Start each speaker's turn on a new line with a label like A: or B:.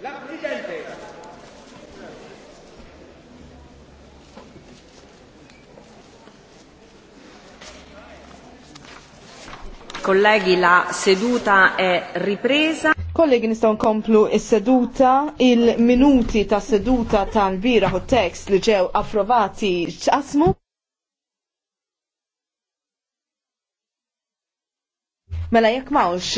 A: La Presidente.
B: la seduta è ripresa. Kollegi, nistgħu nkomplu is-seduta, il-minuti ta' seduta tal-bira u tekst li ġew approvati ċasmu.
C: Mela jekk
D: mawx